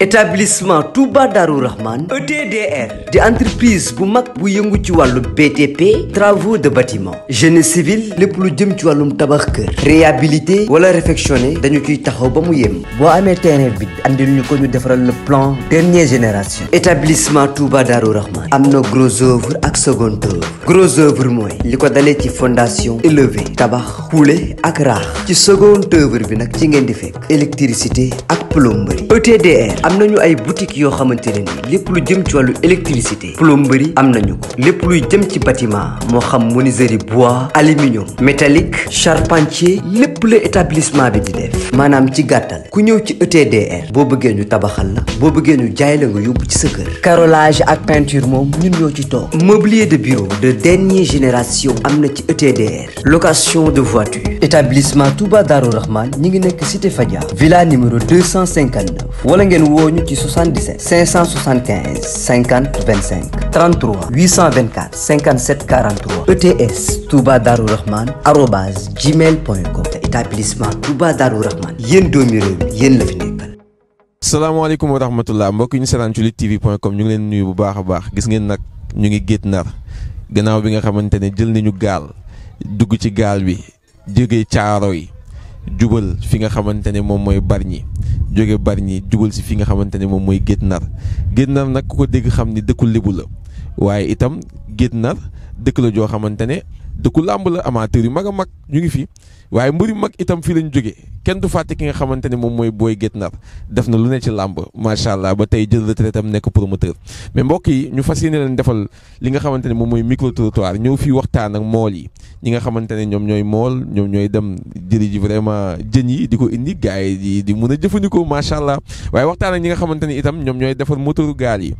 établissement Touba Darou Rahman ETDR di entreprise bu mag bu yëngu ci wàllu BTP travaux de bâtiment génie civil lépp lu jëm ci wàllum tabax kër réhabilité wala réfectionné dañu ciy taxaw ba mu yem. boo amee terrain bi andil ñu ko ñu defaral le plan dernière génération établissement Touba Darou Rahman am na gros œuvre ak second œuvre gros œuvre mooy li ko dalee ci fondation élevé tabax xuule ak raax ci second œuvre bi nag ci ngeen di fekk électricité ak plomberie ETDR am nañu ay boutique yoo xamante ne lépp lu jëm ci wàllu électricité plomberie am nañu ko lépp luy jëm ci bâtiment moo xam menuiserie bois aluminium métallique charpentier lépp la établissement bi di def maanaam ci gàttal ku ñëw ci ETDR boo bëggee ñu tabaxal la boo bëggee nu jaay la nga yóbbu ci sa kër carrelage ak peinture moom ñun ñoo ci toog mobilier de bureau de dernière génération am na ci ETDR location de voiture établissement Touba Darou Rahman ñi ngi nekk cité Fadia villa 859 wala ngeen woo ñu ci 77 575 50 25 33 824 57 43 ETS Touba Darou Rahman arobase gmail point com te établissement Touba Darou Rahman yéen doomi réew mi yéen la fi nekk. salaamaaleykum wa rahmatullah mbokk yi ñu seetaan ci luttetv.com ñu ngi leen nuyu bu baax a baax gis ngeen nag ñu ngi gétt nar gannaaw bi nga xamante ne jël nañu gaal dugg ci gaal bi jógee caaro yi. jubal fi nga xamante ne moom mooy Bargny jóge Bargny jubal si fi nga xamante ne moom mooy Guet Ndar Guet Ndar nag ku ko dégg xam ni dëkku Lebu la waaye itam Guet Ndar dëkk la joo xamante ne dëkku làmb la amateur yu mag a mag ñu ngi fi waaye mbir mag itam fii lañ jógee kenn du fàtte ki nga xamante ne moom mooy Boy Guetnar def na lu ne ci làmb macha allah ba tey jël la retraite am nekk promoteur mais mbokk yi ñu fas yéene leen defal li nga xamante ne moom mooy micro ñëw fii waxtaan ak mool yi ñi nga xamante ne ñoom ñooy mool ñoom ñooy dem jëri ji vraiment jën yi di ko indi gars yi di mun a jëfandikoo macha allah waaye waxtaan ak ñi nga xamante ne itam ñoom ñooy defar moteuru gaal yi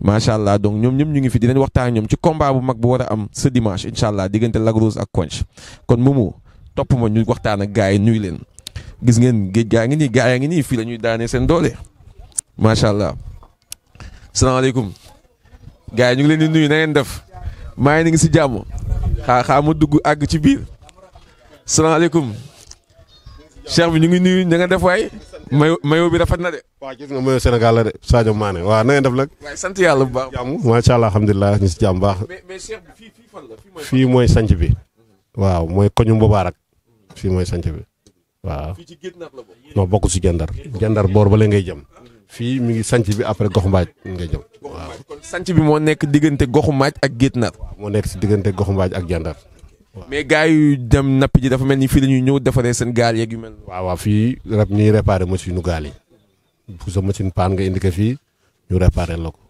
macha allah donc ñoom ñëpp ñu ngi fi dinañ waxtaan ñoom ci combat bu mag bu war a am ce dimanche incha allah ak Konch kon moomu topp ma ñu waxtaan ak gars yi nuyu leen gis ngeen géej gaa ngi nii gars yaa ngi nii fii la ñuy daanee seen doole macha allah. salaamaaleykum yi ñu ngi leen di nuyu na def maa ngi si jàmm xaa dugg àgg ci biir salaamaaleykum cheikh bi ñu ngi nuyu na def waay. mayo mayo bi rafet na de. waaw gis nga mayo Sénégal la de Sadio sant yàlla bu baax. jàmm macha allah alhamdulilah ñu si jàmm baax. mais fii fii mooy sanc bi. Mm-hmm. waaw mooy koñu Mbobaarak fii mooy sanc bi waaw non bokk si gendar gendar boor ba la ngay jëm fii mi ngi sanc bi après gox mbaaj ngay jëm waaw kon sanc bi moo nekk diggante goxu mbaaj ak gétt nar moo nekk si diggante goxu mbaaj ak gendar mais gars yu dem napp ji dafa mel ni fii la ñëw defaree seen gaal yeeg yu mel waaw waaw fii rek ñuy réparé machine nu gaal yi bu sa machine paan nga indi ko fii ñu réparé la ko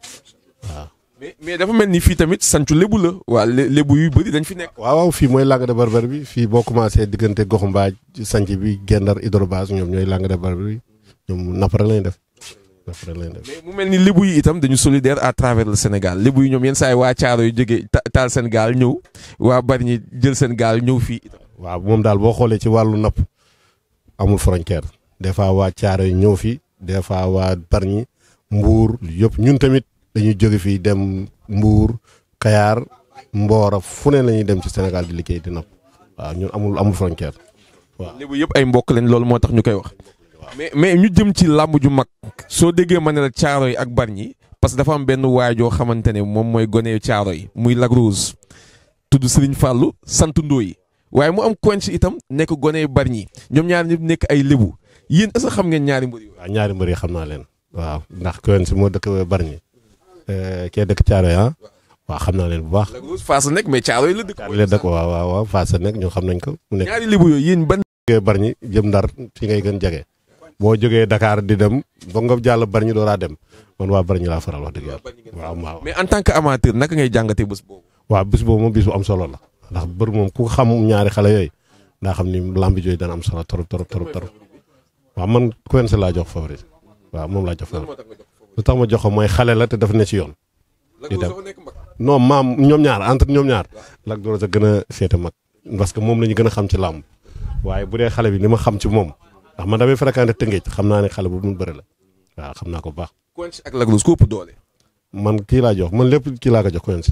waaw mais mais dafa mel ni fii tamit sancu lébu la waa lébu yu bëri dañ fi nekk. waaw waaw fii mooy Langue de Barbarie bi fii boo commencé diggante goxu mbaaj sanc bi Gendar Hydrobase ñoom ñooy Langue de Barbarie bi ñoom napp rek lañu def. mais mu mel ni lébu yi itam dañu solidaire à travers le Sénégal lébu yi ñoom yenn saa yi waa Caaro yu jógee taal seen gaal ñëw waa bari ñi jël seen gaal ñëw fii. waaw moom daal boo xoolee ci wàllu napp amul frontière des fois waa Caaro yi ñëw fii des fois waa Bargny Mbuur yëpp ñun tamit dañuy jóge fii dem Mbuur Kayaar Mboora fu ne la ñuy dem ci senegal di liggéey di napp waaw ñu amul amul frontière waaw. lébu yëpp ay mbokk lañ loolu moo tax ñu koy wax. mais mais ñu jëm ci làmb ju mag. soo déggee ma ne la caaro yi ak Bargny parce que dafa am benn waajoo xamante ne moom mooy gone caaro yi muy Lac Rose tudd Serigne Fallou sant yi waaye mu am coince itam nekk gone bari Bargny ñoom ñaari ñëpp nekk ay lébu yéen est-ce xam ngeen ñaari mbër yi. ñaari mbër yi xam naa leen. waaw ndax coince moo dëkk Bargny Euh, kee dëkk Thiaroye ah. waaw xam naa leen bu baax. Lac Rose Fass nekk mais Thiaroye la dëkk. waaw waaw waaw Fass xam nañ ko. mu nekk ñaari libu yooyu yéen ban. jëm Ndar fi ngay gën jege. boo jógee dakaar di dem ba nga jàll Bargny dooraa dem man waa Bargny laa faral wax dëgg yàlla. waaw waaw mais en tant que amateur naka ngay jàngatee bés boobu. waaw bés boobu moom bés bu am solo la ndax bër moom ku xam ñaari xale yooyu daa xam ni lamb jooju dana am solo trop trop trop trop waaw man Quench laa jox favori waaw moom laa jox lu tax ma jox ko mooy xale la te dafa ne ci yoon. di dem non maam ñoom ñaar entre ñoom ñaar. Lac Rose a gën a féete mag. parce que moom la ñu gën a xam ci làmb. waaye bu dee xale bi li ma xam ci moom ndax man damay fréquenté Tëngéej xam naa ne xale bu mu bari la waaw xam naa ko bu baax. Quench ak Lac Rose ku doole. man kii laa jox man lépp kii laa ko jox Quench.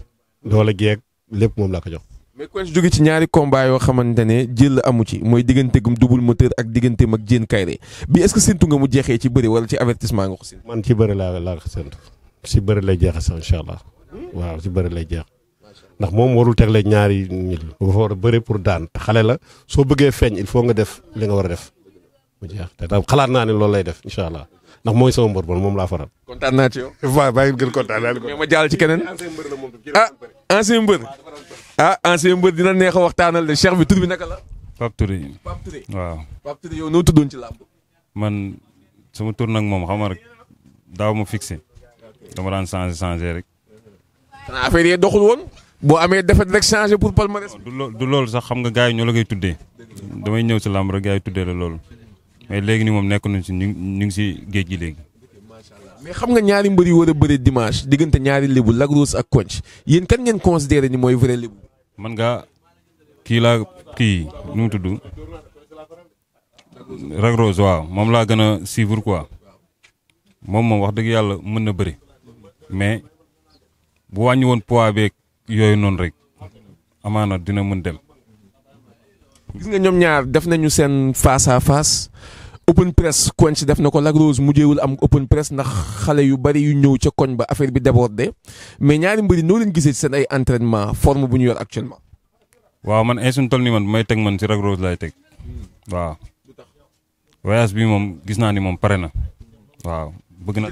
doole geeg lépp moom laa ko jox. mais Quench jóge ci ñaari combat yoo xamante ne jël la amu ci mooy digganteegum double moteur ak digganteem ak Diène Kaïré bi est-ce que séntu nga mu jeexee ci bëri wala ci avertissement nga ko séntu. man ci bëri laa laa ko si bëri lay jeex sax incha allah waaw si bëri lay jeex ndax moom warul tegle ñaari ñil. dafa war a bëri pour daan xale la soo bëggee feeñ il faut nga def li nga war a def. mu jeex te xalaat naa ne loolu lay def incha allah ndax mooy sama mbër bon moom laa faral. kontaan naa ci yow. waaw maa ngi gën kontaan naa mais ma jàll ci keneen. ah ancien mbër. ah ancien mbër dina neex a waxtaanal de cheikh bi tur bi nag la. Pape Touré. Pape waaw. Pape Touré noo tuddoon ci làmb. man sama tur nag moom xam nga rek daaw ma fixé. dama daan changé changé rek. xanaa yi doxul woon. boo amee defet rek changé pour palmarès. du loolu sax xam nga gars yi ñoo la koy tuddee. damay ñëw si làmb rek gars yi tuddee la loolu. mais léegi nii moom nekk nañ si ñu ñu ngi si géej gi léegi. mais xam nga ñaari mbër yu war a bëri dimanche diggante ñaari léebu Lac ak Konch yéen kan ngeen considéré ni mooy vrai lébu. man nga kii laa kii nu mu tudd Lac waaw moom laa gën a suivre quoi moom moom wax dëgg yàlla mën na bëri mais bu wàññi woon poids beeg yooyu noonu rek amaana dina mën dem. gis nga ñoom ñaar def nañu seen face à face open press koñ def na ko lagrose Rose mujjeewul am open press ndax xale yu bari yu ñëw ca koñ ba affaire bi débordé mais ñaari mbëri noo leen gisee ci seen ay entraînement forme bu ñu yor actuellement. waaw man ay suñu toll nii man teg man si Lac Rose laay teg waaw. bi moom gis naa ni moom pare na waaw. bëgg na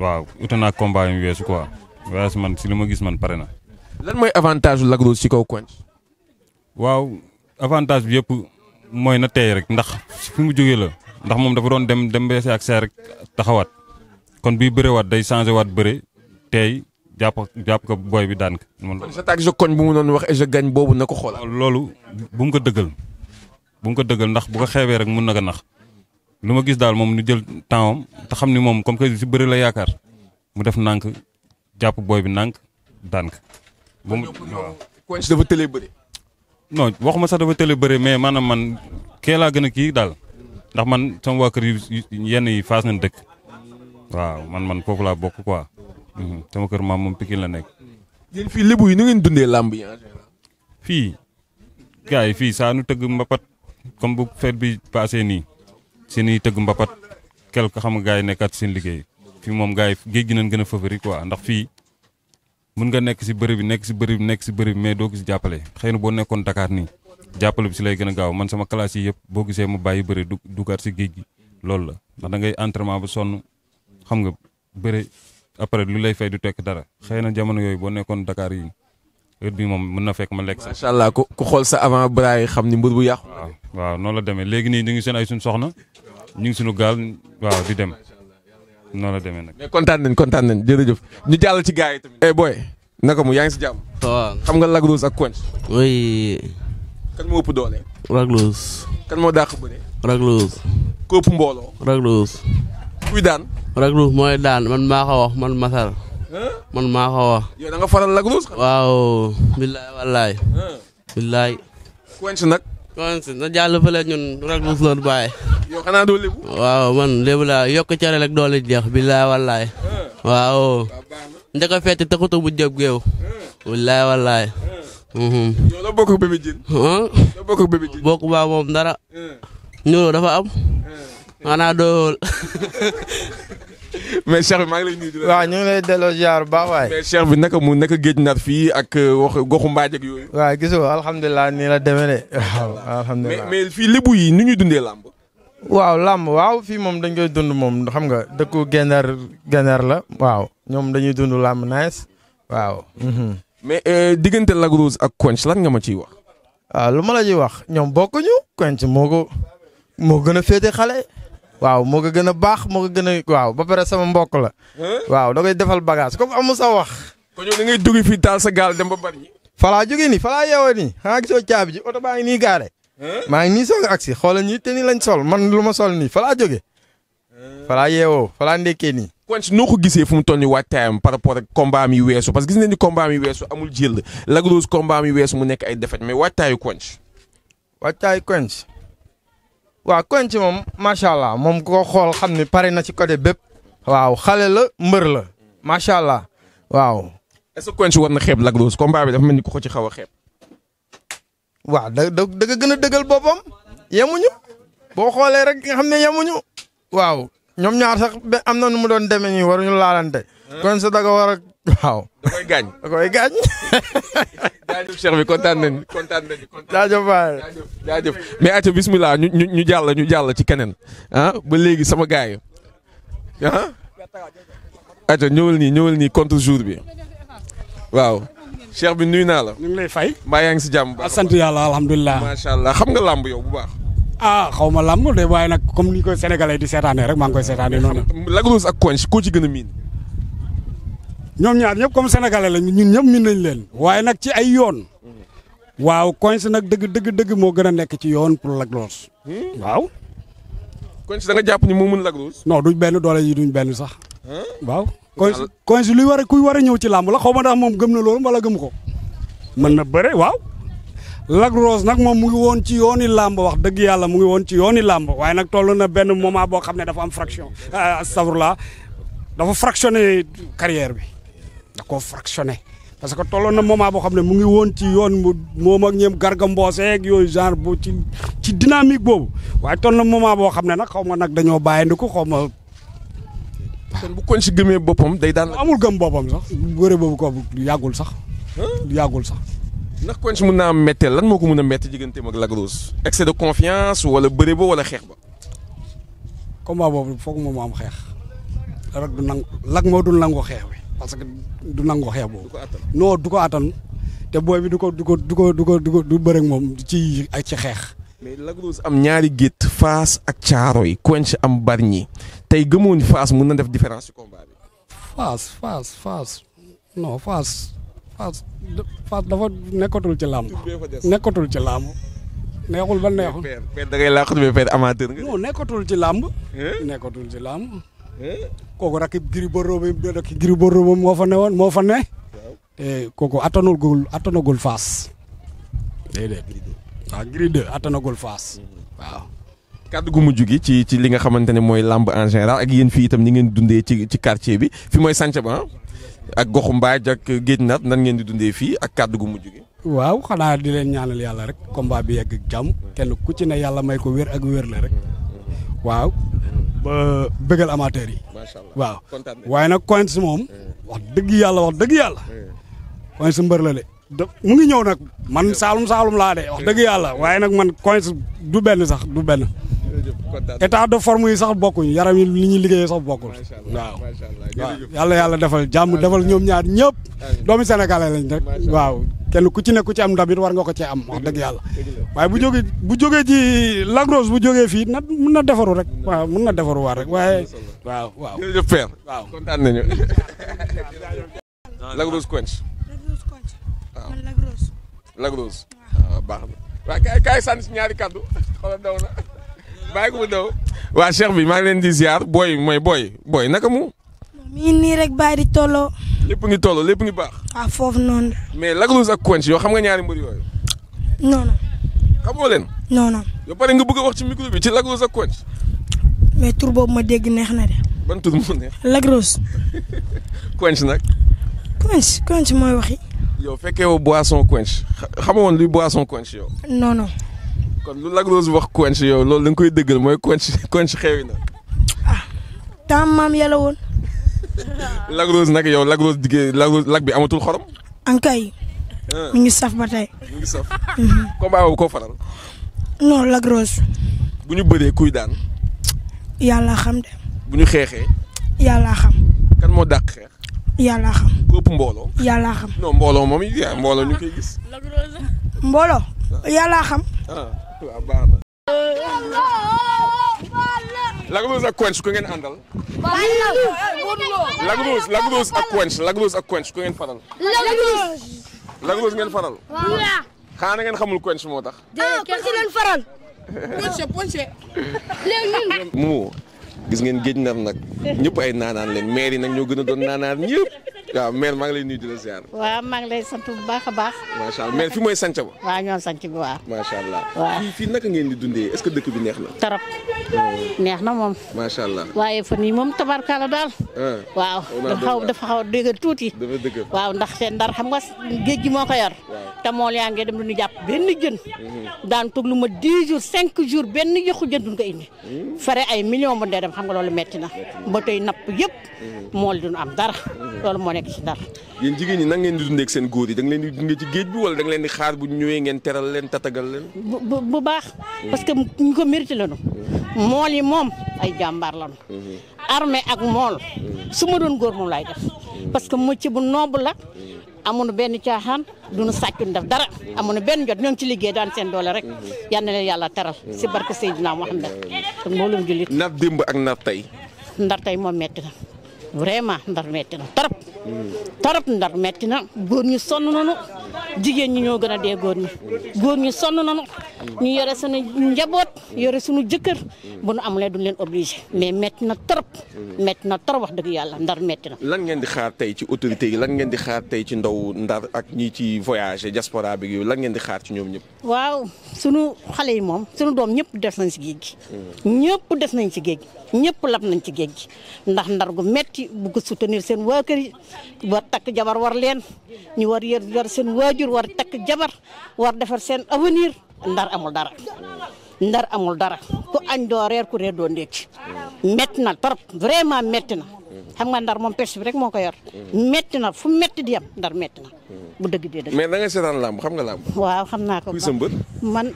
waaw ute naa combat mi weesu quoi. voyage man si li ma gis man pare na. lan mooy avantage Lac Rose ci kaw koñ. waaw avantage bi yëpp mooy na tey rek ndax fi mu jógee la ndax moom dafa doon dem dem beese ak saa rek taxawaat kon buy bërewaat day changé waat bëre tey jàpp jàpp ko booy bi daan ko. kon sa tag je bu mu doon wax et boobu na ko xoolal. loolu bu mu ko dëggal bu mu ko dëggal ndax bu ko xeebee rek mun na ko nax lu ma gis daal moom ñu jël temps am te xam ni moom comme que si bëri la yaakaar mu def nànk jàpp booy bi nànk non waxuma sax dafa tele bëre mais maanaam man kee laa gën a kii daal ndax man sama waa kër yu yenn yi faas nañ dëkk waaw man man foofu laa bokk quoi mhm, sama kër maam moom Pikine la nekk. fii lébu yi nu dundee làmb yi fii yi fii saa nu tëgg mbapat comme bu feet bi passé nii si ñuy tëgg mbapat quelque xam nga yi nekkaat seen liggéey fii moom gaa yi géej gi nañ gën a favori quoi ndax fii. mun nga nekk si bërëb bi nekk si bërëb bi nekk si bërëb mais doo gis si jàppale xëy na boo nekkoon Dakar nii jàppale bi si lay gën a gaaw man sama classe yi yëpp boo gisee mu bàyyi bëri du dugaat si géej gi loolu la ndax da ngay entraînement ba sonn xam nga bëri après lu lay fay du tekk dara xëy na jamono yooyu boo nekkoon dakaar yi heure bi moom mën na fekk ma lekk sax. macha allah ku xool sa avant bras xam ni mbir bu yàqu. waaw waaw noonu la demee léegi nii ñu ngi seen ay suñu soxna ñu ngi suñu gaal waaw di dem. noonu la demee nag. mais kontaan nañ kontaan nañ jërëjëf ñu jàll ci gars yi tamit. eh boy naka mu yaa ngi si jàmm. waaw xam nga Lagros ak Quench. oui. kan moo ëpp doole. Lagros. kan moo dàq bëre. Lagros. ku ëpp mbooloo. Lagros. kuy daan. Lagros mooy daan man maa ko man Masar. man maa ko wax. yow da nga faral Lagros. waaw. billaay wallaay. billaay. Quench nag. Quench na jàll fële ñun Lagros loolu bàyyi. yow xanaa doo waaw man lébu laa yokk cere rek doole jeex billaay wallaay. Eh. waaw. njëkk a fett taxutu bu jëb géew. Eh. wallaay. Eh. Mhm. yow la bokk ak bébé jën. la baa moom dara. ñuuloo dafa am. xanaa doo. mais cheikh bi maa lay nuyu lay delloo ziar bu bi naka mu naka géej naat fii ak euh, wax goxu mbaaj ak yooyu. waaw gisoo alhamdulilah nii la nu ñuy dundee làmb. waaw làmb waaw fii moom dañ koy dund moom xam nga dëkku Gener Gener la waaw ñoom dañuy dund làmb nice waaw. Mhm. mais euh, diggante Lac Rose ak Quench lan nga ma ciy wax. waaw ah, lu ma la ciy wax ñoom bokkuñu Quench moo ko moo gën a féete xale. waaw moo ko gën a baax moo ko gën a waaw ba pare sama mbokk la. waaw da koy defal bagage comme amu sa wax. ko ñëw da ngay dugg fii taal sa gaal dem ba bari. falaa jógee nii falaa yeewoo nii xanaa gisoo caabi ji oto baa ngi nii gaale maa ngi nii soog a agsi xoolal ñii te ni lañ sol man lu ma sol nii fa laa jóge fa laa yeewoo fa laa ndekkee nii. Quench noo ko gisee fu mu toll nii waajtaayam par rapport ak combat mi weesu parce que gis ne ni combat mi weesu amul jël Lac Rose combat mi weesu mu nekk ay défaite mais waajtaayu Quench. waajtaayu Quench waaw Quench moom macha allah moom ko xool xam ni pare na ci côté bépp. waaw xale la mbër la macha allah waaw. est-ce que Quench war na xeeb Lac Rose combat dafa mel ni ko ko ci xaw a xeeb. waaw da da da gën a dëggal boppam yemuñu boo xoolee rek nga xam ne yemuñu waaw ñoom ñaar sax ba am na nu mu doon demee nii waruñu laalante. kon sa daga war a waaw. da koy gaañ da kontaan nañu kontaan nañu. jaajëf waay jaajëf mais ayca bismillah ñu ñu ñu jàll ñu jàll ci keneen ah ba léegi sama gars yi ah. ayca ñëwal nii ñëwal nii compte jour bi waaw. cheikh bi nuyu naa la. ñu ngi lay fay. mbaa yaa ngi si jàmm bu baax sant yàlla alhamdulilah. macha allah xam nga làmb yow bu baax. ah xaw ma làmb de waaye nag comme ni ko sénégalais di seetaanee rek maa ngi koy seetaanee noonu. Lac Rose ak Quench koo ci gën a miin. ñoom ñaar ñëpp comme sénégalais la ñun ñëpp miin nañ leen. waaye nag ci ay yoon. waaw Quench nag dëgg dëgg dëgg moo gën a nekk ci yoon pour Lac Rose. Hmm? waaw. Quench da nga jàpp ñu moo mën Lac Rose. non duñ benn doole yi duñ benn sax. waaw. Quench luy war a kuy war a ñëw ci làmb la xaw ma ndax moom gëm na loolu wala gëm ko. mën na bëre waaw. Lac Rose nag moom mu ngi woon ci yooni làmb wax dëgg yàlla mu ngi woon ci yooni làmb waaye nag toll na benn moment boo xam ne dafa am fraction astafurlah dafa fractionné carrière bi da koo fractionné parce que tolloon na moment boo xam ne mu ngi woon ci yoon mu moom ak ñoom garga mbooseeg yooyu genre bu ci ci dynamique boobu waaye toll na moment boo xam ne nag xaw ma nag dañoo ndi ko xaw ma kon bu koñ si gëmee boppam day daan. amul gëm boppam sax bëre boobu ko yàggul sax. yàggul sax. ndax koñ si mën naa am métteel lan moo ko mën a métti digganteem ak Lac Rose. excès de confiance wala bëre ba wala xeex ba. combat boobu foog moom am xeex. rek du nangu Lac moo dul nangu xeex bi parce que du nangu xeex boobu. non du ko attan te booy bi du ko du ko du ko du du ko du moom ci ay ci xeex. mais am ñaari gétt Fass ak Thiaroye koñ si am bari Bargny tey gëmoo ni Fass mën na def différence ci combat bi. Fass Fass Fass non Fass Fass dafa nekkatul ci làmb. nekkatul ci làmb. neexul ba neexul da ngay laaxut mais nekkatul ci làmb. nekkatul ci làmb. kooku rakib Gris Bordeaux moo fa ne newoon moo fa ne. te kooku attanagul attanagul Fass. déedéet waaw Gris 2 ah, attanagul Fass mm-hmm. waaw. kaddu gu mujj gi ci ci li nga xamante ne mooy làmb en ak yéen fii itam ni ngeen dundee ci ci quartier bi fi mooy sànc ba ak goxu mbaaj ak géej naat nan ngeen di dundee fii ak kaddu gu mujj gi. waaw xanaa di leen ñaanal yàlla rek combat bi yegg jàmm kenn ku ci ne yàlla may ko wér ak wér la rek waaw bëggal amateur yi. macha allah waaw waaye nag Quench moom. wax dëgg yàlla wax dëgg yàlla. Quench mbër la de. mu ngi ñëw nag man saalum saalum laa de wax dëgg yàlla waaye nag man Quench du benn sax du benn. état de forme yi sax bokkuñu yaram yi li ñuy liggéeyee sax bokkul waaw waaw yàlla yàlla defal jàmm defal ñoom ñaar ñëpp doomi sénégalais lañ rek waaw kenn ku ci ne ku am ndam it war nga ko cee am wax dëgg yàlla waaye bu jógee bu jógee ci bu jógee fii na mun na defaru rek waaw mun na defaru waat rek waaye waaw waaw jërëjëf père waaw kontaan nañu lagros quench waaw lagros lagros waaw ah, baax na waaye kaay kaay sànni si ñaari kaddu xoolal daw na bàyyi ko mu daw waa cheikh bi maa ngi leen di ziar booy mooy booy booy naka mu. mii nii rek bàyyi di tolloo. lépp ngi tolloo lépp ngi baax. waaw ah, foofu noonu. mais Lac Rose ak Quench yoo xam nga ñaari mbër yooyu. non non. xamoo leen. non non. yow pare nga bugg a wax ci micro bi ci Lac Rose ak Quench. mais tur boobu ma dégg neex na de. ban tur moo neex. Lac Rose. Quench nag. Quench Quench mooy waxi. yow fekkee woo boisson Quench xamoo woon luy boisson Quench yow. non non. kon lu Lac Rose wax Quench yow loolu la nga koy dëggal mooy Quench Quench xewi na. ah tam maam yàlla woon. Lac nag yow Lac Rose diggee Lac Rose bi amatul xorom. ankay. Ah. mu ngi saf ba tey. mu ngi saf. Mhm. combat faral. non Lac bu ñu bëree kuy daan. yàlla xam de. bu ñu xeexee. yàlla xam. kan moo dàq xeex. yàlla xam. képp mbooloo. yàlla xam. non mbooloo moom yi mbooloo ñu koy gis. Lac mbooloo. Ah. yàlla xam. Ah. waaw ah, baax na. Lagos ak Quench ku ngeen àndal. Lagos Lagos ak Quench Lagos ak Quench ku ngeen faral. Lagos. Lagos ngeen faral. waaw. xanaa ngeen xamul Quench moo tax. ah Quench leen faral. Ponche Ponche. léegi mu gis ngeen géej nar nag ñëpp ay naanaan leen maire yi nag ñoo gën a doon naanaan waaw mère maa ngi lay nuyu di la ziar. waaw maa ngi lay sant bu baax a baax. macha allah mère fi mooy sanc ba. waaw ñoo sanc bi waaw. macha allah. waaw fii fii naka ngeen di dundee est-ce que dëkk bi neex na. trop hmm. neex na moom. macha allah waaye fan yii moom tabarkaala daal. Hmm. waaw dafa xaw dafa xaw a dëgër tuuti. dafa dëgër waaw ndax seen ndar xam nga géej gi moo ko yor. te mool yaa ngi dem du ñu jàpp benn jën. Hmm. daan toog lu ma 10 jours 5 jours benn yëqu jën duñ ko indi. fare ay millions bu ndee dem xam nga loolu metti na ba tey napp yëpp mool duñu am dara loolu moo nekk ci Ndar. yéen jigéen ñi nan ngeen di dundee seen góor yi da leen di dundee ci géej bi wala da nga leen di xaar bu ñëwee ngeen teral leen tatagal leen. bu baax. parce que ñu ko mérité lañu. mool yi moom ay jàmbaar lañu. Mhm. armée ak mool. Mhm. su ma doon góor moom laay def. Mhm. parce que mucc bu noble la. amuñu benn caaxaan duñu sàccuñ def dara amuñu benn jot ñoo ngi ci liggéey daan seen doole rek yan na leen yàlla teral si barke Seydina Muhammad kon mboolum jullit. nar démb ak nar tey. ndar tey moom metti na. vraiment ndar metti na torop torop ndar metti na góor ñi sonn nañu jigéen ñi ñoo gën a dee góor ñi góor ñi sonn nañu ñu yore seen njaboot yore suñu jëkkër bu nu amulee du leen obligé mais métti na trop métti na trop wax dëgg yàlla ndar métti na lan ngeen di xaar tey ci autorité yi lan ngeen di xaar tey ci ndaw ndar ak ñi ci voyagé diaspora bi yooyu ngeen di xaar ci ñoom ñëpp waaw suñu xale yi moom sunu doom ñëpp des nañ si géej gi ñëpp des nañ ci géej gi ñëpp lab nañ ci géej gi ndax ndar gu métti bu ko seen waa kër yi war takk jabar war leen ñu war yor yor seen waajur war takk jabar war defar seen avenir ndar amul dara ndar amul dara ku añ doo reer doo ndékki métti na trop vraiment métti na xam nga ndar moom pêche bi rek moo ko yor métti na fu métti di yam ndar métti na bu dëgg dee dëgg mais da ngay seetaan làmb xam nga làmb waaw xam naa ko sa mbër man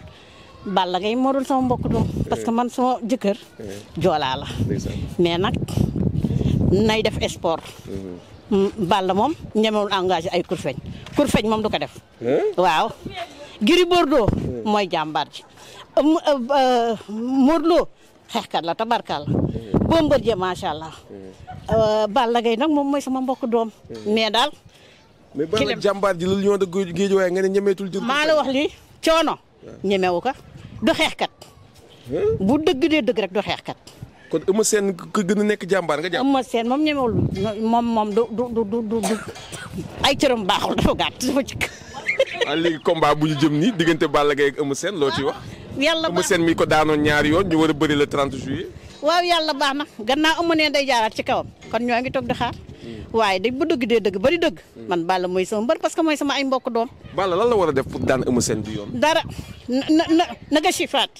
Balla Gaye moo dul sama mbokk doom parce que man sama jëkkër joolaa nag nay def sport mm-hmm. Balla moom ñemewul engagé ay kurfeñ kurfeñ moom du ko def waaw Gris Bordeaux mm. mooy jàmbaar ji Euh, euh, Modou Lo xeexkat la tabarkaal mm. Bombardier macha allah. Mm. Euh, Balla Gaye nag moom mooy sama mbokk doom. Mm. mais daal. mais Balla jàmbaar ji loolu ñoo da géej waaye nga ne ñemeetul. jël maa la wax lii coono. ñemewu ko du xeexkat. bu dëgg dee dëgg rek du xeexkat. kon Eumeu Sène ku gën a nekk jàmbaar nga jàpp. ama seen moom ñemewul moom moom du du du du baaxul dafa gàtt dafa jikk waaw ah, léegi combat bu ñu jëm nii diggante Balla Gaye ak Eumeu Sène loo ci wax. yàlla baax seen mi ko yoon a bëri le 30 juillet. waaw yàlla baax na gannaaw amu ne day jaaraat ci kawam kon ñoo ngi toog di xaar. waaye dañ bu dëgg dee dëgg ba dëgg. man Balla mooy sama mbër parce que mooy sama ay mbokk doom. Balla lan la war a def pour daan Eumeu Sène du yoon. dara na na naka sifaat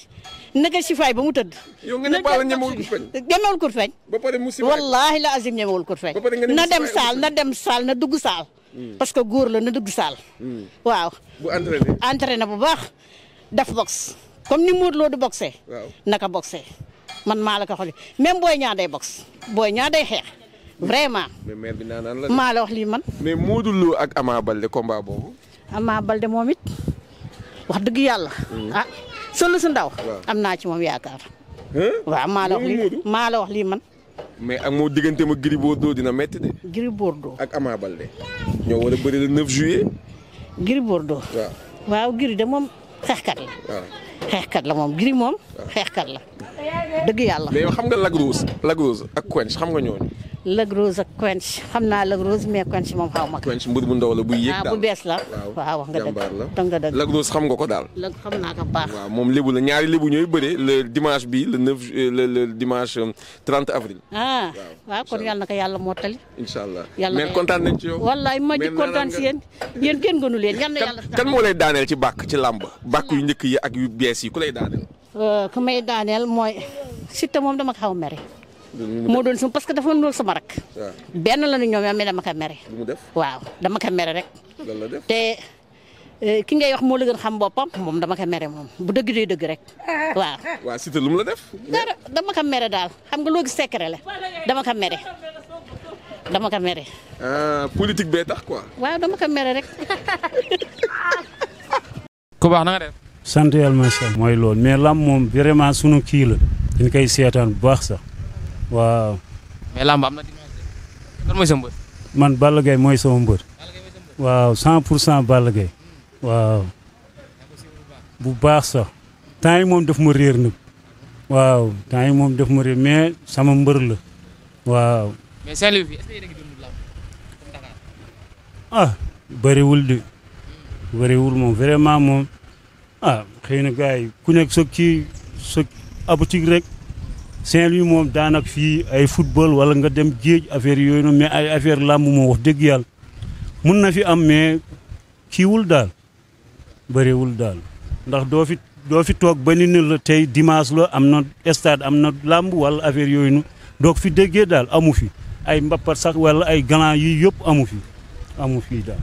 naka sifaay ba mu tëdd. yow nga ne Balla ñemewul kurfeñ. ñemewul kurfeñ. ba pare musiba wallaahi la azim ñemewul kurfeñ. na dem saal na dem saal na dugg saal. Hmm. parce que góor la na dugg saal. Hmm. waaw. bu entraîné bu baax def box. comme ni Modou Lo du naka boxé man maa la ko xool même Boy Niang day box Boy Niang xeex vraiment. mais maire la maa la wax lii man. mais Modou Lo ak Ama Balde combat boobu. Ama Balde moom it wax dëgg yàlla. Hmm. ah solo ndaw. am naa ci moom yaakaar. waaw maa la wax lii man. mais ak moo diggante ma Gris Bordeaux dina metti de. Gris Bordeaux ak Ama Balde. ñoo war a bëri le 9 juillet. Gris Bordeaux. waaw waaw Gris de moom xeexkat la. xeexkat la moom Gris moom xeexkat la dëgg yàlla. mais yow xam nga Lac Rose Lac Rose ak Quench xam nga ñooñu. lëgrose ak quench xam naa lëgrose mais quench moom xaw ma ko. quench mbir bu ndaw la buy yëg ah, daal bu bees la. waaw wax nga dëgg wax nga dëgg. lëgrose xam nga ko daal. lëg xam naa ko baax. waaw moom lébu la ñaari lébu ñooy bëre le dimanche bi le 9 euh, le le dimanche 30 euh, avril. ah waaw kon yàlla na ko yàlla mottali. incha allah mais kontaan nañ ci yow. wallaay ma ji kontaan si yéen yéen kenn gënu leen yal na yàlla. kan moo lay daaneel ci bàkk ci làmb bàkk yu njëkk yi ak yu bees yi ku lay daaneel. Euh, ku may daaneel mooy Siteu moom dama xaw mere moo doon sama parce que dafa doon sama rak. Ah. benn la nu ñoom yaa dama ko mere. waaw dama ko mere rek. te eh, ki ngay wax moo la gën xam boppam moom dama ko mere moom bu dëgg day dëgg rek ah. waaw. waaw si te daal xam nga loo gis secret dama ko mere. dama ko mere. ah bee tax waaw dama ko mere rek. ku baax na sant yàlla mooy loolu mais lam moom sunu kii la dañ koy seetaan bu baax sax. waaw. mais làmb man Balla mooy sama mbër. waaw 100 pour cent Balla Gaye hmm. waaw. bu baax sax temps yi moom daf ma réer nag. waaw temps yi moom daf ma réer mais sama mbër la. waaw. ah bëriwul de. Hmm. bëriwul moom vraiment moom ah xëy na gars yi ku nekk soog abutik rek. Saint-Louis moom daanak fii ay football wala nga dem géej affaire yooyu noonu mais ay affaire làmb moom wax dégg yàlla mun na fi am mais kiiwul daal bëriwul daal ndax doo fi doo fi toog ba ni ne la tey dimanche la am na stade am na làmb wala affaire yooyu noonu doog fi déggee daal amu fi ay mbappat sax wala ay galan yi yëpp amu fi amu fi daal.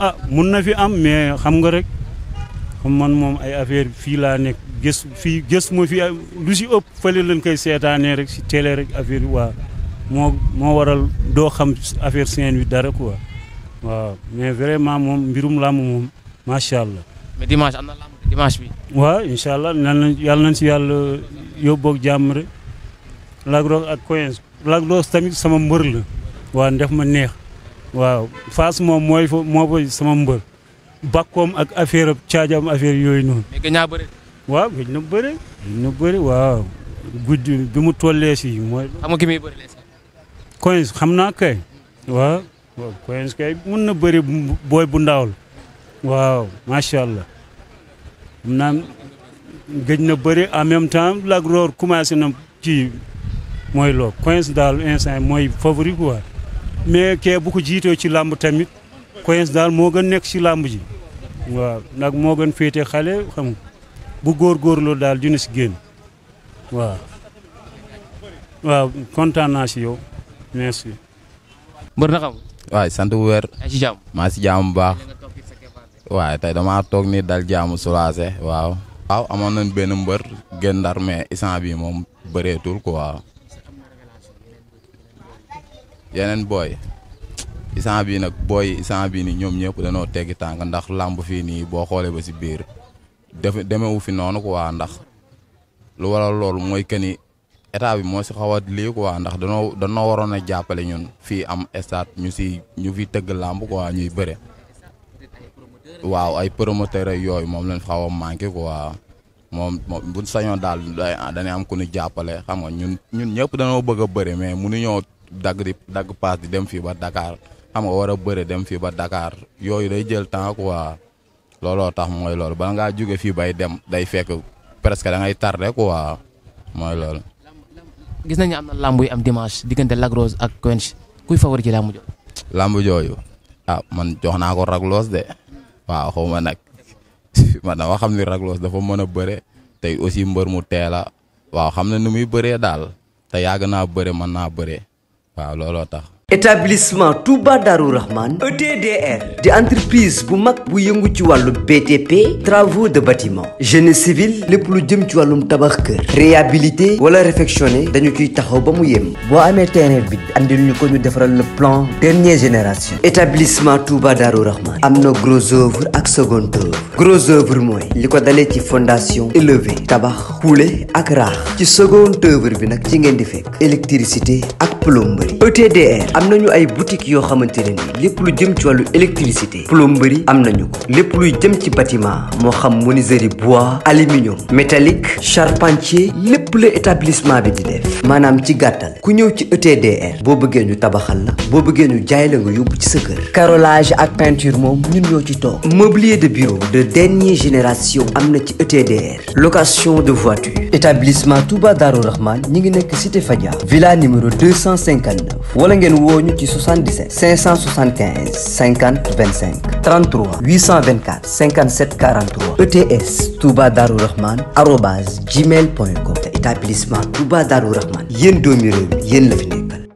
ah mun na fi am mais xam nga rek. man moom ay affaire fii laa nekk gës fii gës ma fii lu si ëpp fële lañ koy seetaane rek si tele rek affaire yi waa moo moo waral doo xam affaire seen louis dara quoi waaw mais vraiment moom mbirum làmb moom macha allah. mais dimanche am na làmb dimanche bi. waa incha allah nan yàlla nañ si yàlla yóbbu ak jàmm rek. Lagros ak Coyens Lagros tamit sama mbër la. waaw ndef ma neex. waaw Fass moom mooy fa moo fay sama mbër. bakkoom ak affaire am caajam affaire yooyu noonu. mais gëj naa bëri. waaw gëj na bëri. gëj na bëri waaw. guddi bi mu tollee si mooy. xam nga ki naa kay. waaw waaw kay mun na bëri booy bu ndaw la. waaw macha allah. naan gëj na bëri en même temps Lac Rose commencé na ci mooy loo Quench daal instant mooy favori quoi. mais kee bu ko jiitoo ci làmb tamit. Quench daal moo gën nekk ci làmb ji waaw nag moo gën féete xale xam bu góorgóorloo daal dina si génn waaw waaw kontaan naa si yow merci. mbër na xam. waay sant bu wér. maa si jàmm bu baax. waaye tey damaa toog ni dal jaamu sulaase waaw. waaw amoon nañ benn mbër gën ndar mais instant bi moom bëreetul quoi. yeneen boy instant bii nag booy instant bii ni ñoom ñëpp danoo teggi tànk ndax làmb fii nii boo xoolee ba si biir def demewu fi noonu quoi ndax lu waral loolu mooy que ni état bi moo si xaw a lii ndax danoo danoo waroon a jàppale ñun fii am stade ñu si ñu fi tëgg làmb quoi ñuy bëre. waaw ay promoteur ak yooyu moom lañ xaw a manqué quoi moom moom buñ sañoon daal dañuy am ku ñu jàppale xam nga ñun ñun ñëpp danoo bëgg a bëre mais mënuñoo dagg di dagg di dem fii ba dakaar xam nga war a bëre dem fii ba Dakar yooyu day jël temps quoi looloo tax mooy lool bala ngaa jóge fi bay dem day fekk presque da ngay tardé quoi mooy lool gis nañu am na lamb yu am dimanche diggante Lac Rose ak Quench kuy favori ci lamb jooju. a ah, man jox naa ko ragloos de waaw xaw ma nag man dama xam ni ragloos dafa mën a bëre tey aussi mbër mu teel a xam na nu muy daal te yàgg naa bëre mën naa bëre waaw looloo tax. établissement Touba Darou Rahman ETDR di entreprise bu mag bu yëngu ci wàllu BTP travaux de bâtiment génie civil lépp lu jëm ci wàllum tabax kër réhabilité wala réfectionné dañu ciy taxaw ba mu yem. boo amee terrain bi andil ñu ko ñu defaral le plan dernière génération établissement Touba Darou Rahman am na gros œuvre ak second œuvre gros œuvre mooy li ko dalee ci fondation élevé tabax xuule ak raax ci second œuvre bi nag ci ngeen di fekk électricité ak plomberie ETDR am nañu ay boutique yoo xamante ne lépp lu jëm ci wàllu électricité plomberie am nañu ko lépp luy jëm ci bâtiment moo xam menuiserie bois aluminium métallique charpentier lépp la établissement bi di def maanaam ci gàttal ku ñëw ci ETDR boo bëggee ñu tabaxal la boo bëggee ñu jaay la nga yóbbu ci sa kër carrelage ak peinture moom ñun ñoo ci toog mobilier de bureau de dernière génération am na ci ETDR location de voiture établissement Touba Darou Rahman ñi ngi nekk cité Fadia 259 wala ngeen woo ñu ci 77 575 50 25 33 824 57 43 ETS Touba Darou Rahman arobase gmail point com te établissement Touba Darou Rahman yéen doomi réew yéen la fi nekkal.